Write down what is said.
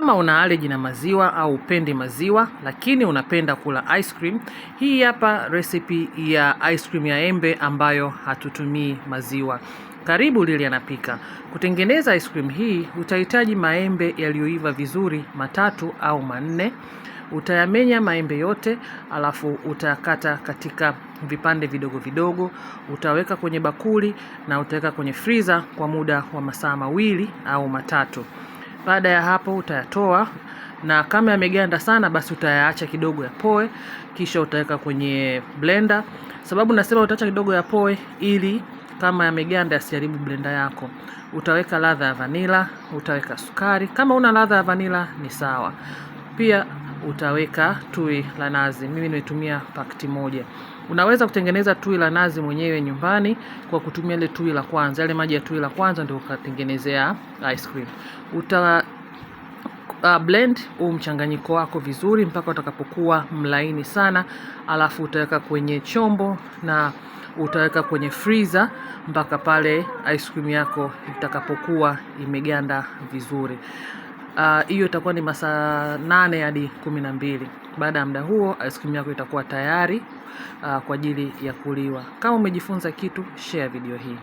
Kama una allergy na maziwa au upendi maziwa lakini unapenda kula ice cream, hii hapa recipe ya ice cream ya embe ambayo hatutumii maziwa. Karibu Lili Anapika. Kutengeneza ice cream hii utahitaji maembe yaliyoiva vizuri matatu au manne. Utayamenya maembe yote, alafu utayakata katika vipande vidogo vidogo, utaweka kwenye bakuli na utaweka kwenye friza kwa muda wa masaa mawili au matatu. Baada ya hapo utayatoa na kama yameganda sana, basi utayaacha kidogo yapoe, kisha utaweka kwenye blender. Sababu nasema utaacha kidogo yapoe ili kama yameganda yasiharibu blender yako. Utaweka ladha ya vanila, utaweka sukari. Kama una ladha ya vanila ni sawa pia utaweka tui la nazi. Mimi nimetumia pakiti moja. Unaweza kutengeneza tui la nazi mwenyewe nyumbani kwa kutumia ile tui la kwanza, yale maji ya tui la kwanza ndio ukatengenezea ice cream. Uta uh, blend huu mchanganyiko wako vizuri mpaka utakapokuwa mlaini sana, alafu utaweka kwenye chombo na utaweka kwenye freezer mpaka pale ice cream yako itakapokuwa imeganda vizuri. Ah, hiyo uh, itakuwa ni masaa nane hadi kumi na mbili. Baada ya muda huo ice cream yako itakuwa tayari uh, kwa ajili ya kuliwa. Kama umejifunza kitu, share video hii.